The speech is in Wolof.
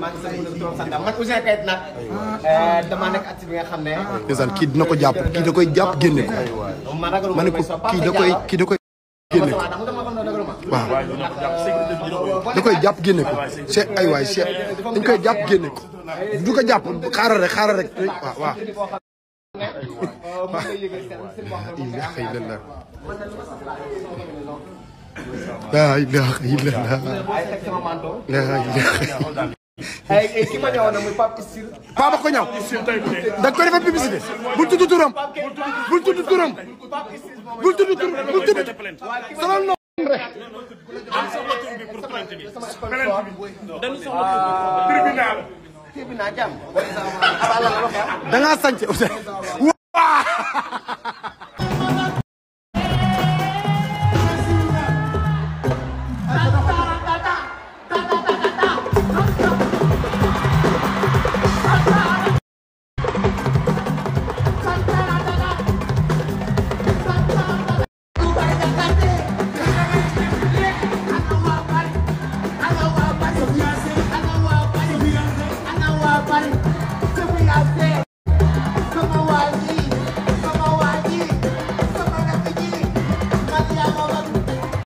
maa ah, ah. euh, ngi kii dina ko jàpp kii da koy jàpp génne ko. ma kii da koy kii da koy ko. waaw da koy jàpp génne ko. se ay se dañ koy jàpp génne ko du ko jàpp xaaral rek xaaral rek waaw waaw. la É, equipa de ona, meu papo piscina. Papo conhão. Doutor vai piscina. Bulto do turam. Bulto do turam. Bulto do turam. Bulto do turam. Dan sama tumbi pour 30 000. Dan sama tumbi. Tribunal. Tribunal jam. Da nga santé. Waa. One.